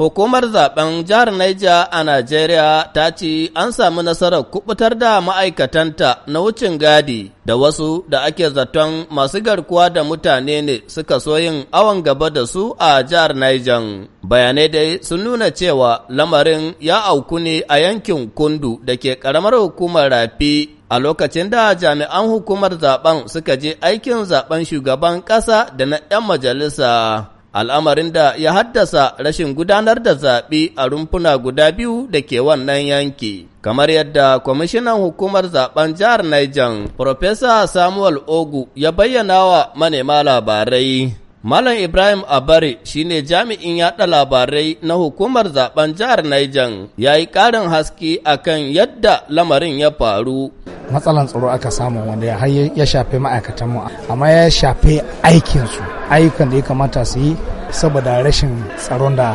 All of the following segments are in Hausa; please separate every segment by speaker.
Speaker 1: Hukumar zaben jihar Niger a Najeriya ta ce an samu nasarar kubutar da ma'aikatanta na wucin gadi da wasu da ake zaton masu garkuwa da mutane ne suka so yin awon gaba da su a jihar Niger. Bayanai dai sun nuna cewa lamarin ya auku ne a yankin Kundu da ke ƙaramar hukumar Rafi a lokacin da jami'an hukumar zaben suka je aikin zaben shugaban ƙasa da na 'yan majalisa. al'amarin da ya haddasa rashin gudanar da zaɓe a rumfuna guda biyu da ke wannan yanki. Kamar yadda kwamishinan hukumar zaben jihar Niger, Profesa Samuel Ogu ya bayyana wa manema labarai. Malam Ibrahim Abare shine jami'in yaɗa labarai na hukumar zaben jihar Niger ya yi ƙarin haske akan yadda lamarin ya faru.
Speaker 2: Matsalan tsaro aka samu wanda ya shafe ma'aikatanmu, amma ya shafe aikinsu. ayyukan da ya kamata su yi saboda rashin tsaron da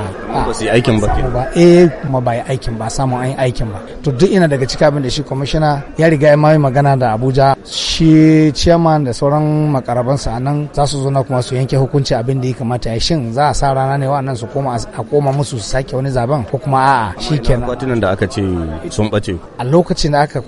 Speaker 2: ba su aikin ba ba eh kuma ba aikin ba samun an aikin ba to duk ina daga cikin abin da shi kwamishina ya riga ya mai magana da abuja shi ciyaman da sauran makarabansa a nan za su zo na kuma su yanke hukunci abin da ya kamata ya shin za a sa rana ne wa'annan su koma a koma musu su sake wani zaben ko kuma a'a shi kenan
Speaker 3: akwatunan da aka ce sun bace
Speaker 2: a lokacin da aka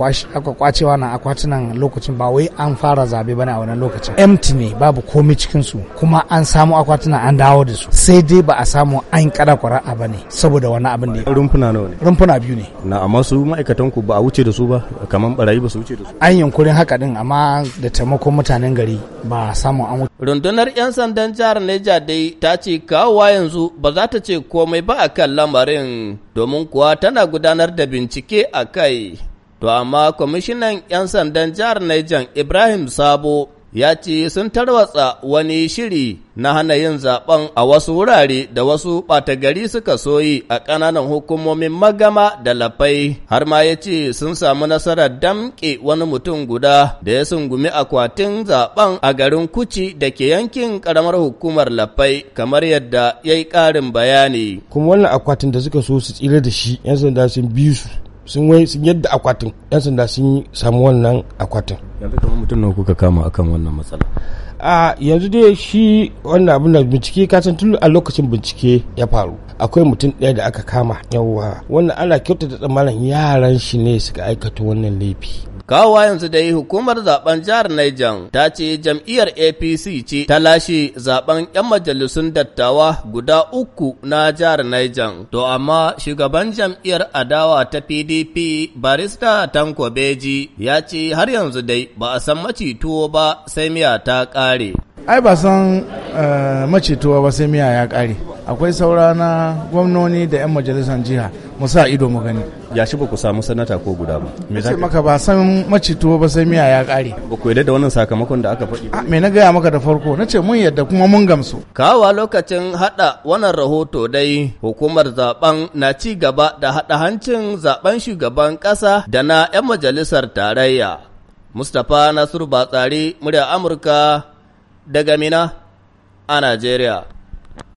Speaker 2: kwace wannan akwatunan lokacin ba wai an fara zabe bane a wannan lokacin empty ne babu komai cikin su kuma an samu akwatunan an dawo da su sai dai ba a samu an kada kwara'a ne saboda wani abin da
Speaker 3: ya rumfuna nawa ne
Speaker 2: rumfuna biyu ne
Speaker 3: na amma su ma'aikatan ku ba a wuce da su ba kamar barayi ba su wuce da su
Speaker 2: an yankurin haka din amma amma da taimakon mutanen gari ba samu
Speaker 1: an rundunar 'yan sandan jihar neja dai ta ce kawowa yanzu ba za ta ce komai ba a kan lamarin domin kuwa tana gudanar da bincike a kai to amma kwamishinan 'yan sandan jihar neja ibrahim sabo ya ce sun tarwatsa wani shiri na hana yin zaben a wasu wurare da wasu ɓata suka soyi a ƙananan hukumomin magama da lafai har ma ya ce sun samu nasarar damƙe wani mutum guda da ya sungumi akwatin zaben a garin kuci da ke yankin ƙaramar hukumar lafai kamar yadda ya yi ƙarin bayani. kuma
Speaker 2: wannan akwatin da suka so su tsira da shi 'yan sanda sun bi su sun wai sun yadda akwatin yan sanda sun samu wannan akwatin
Speaker 3: yanzu kamar mutum na kuka kama akan wannan matsala
Speaker 2: a yanzu dai shi wannan abin da bincike kasan tun a lokacin bincike ya faru akwai mutum ɗaya da aka kama yawwa wannan ana kyautata tsammanin yaran shi ne suka aikata wannan laifi
Speaker 1: Kawa yanzu dai hukumar zaben jihar Niger ta ce jam'iyyar APC ce ta lashe zaben 'yan majalisun dattawa guda uku na jihar Niger. To amma shugaban jam'iyyar adawa ta PDP barista Tanko Beji ya ce har yanzu dai ba a san tuwo ba sai miya ta kare.
Speaker 2: Ai ba san eh, tuwo ba sai miya ya kare. akwai saura na gwamnoni da 'yan majalisar jiha mu sa ido mu gani
Speaker 3: ya shi ku samu sanata ko guda ba me za maka
Speaker 2: ba san macito ba sai miya ya
Speaker 1: kare ba ku yadda da wannan sakamakon da aka faɗi ah,
Speaker 2: me na gaya maka da farko na ce mun yadda kuma mun gamsu
Speaker 1: kawa lokacin hada wannan rahoto dai hukumar zaben na ci gaba da hada hancin zaben shugaban kasa da na 'yan majalisar tarayya mustapha nasiru batsari murya amurka daga mina a najeriya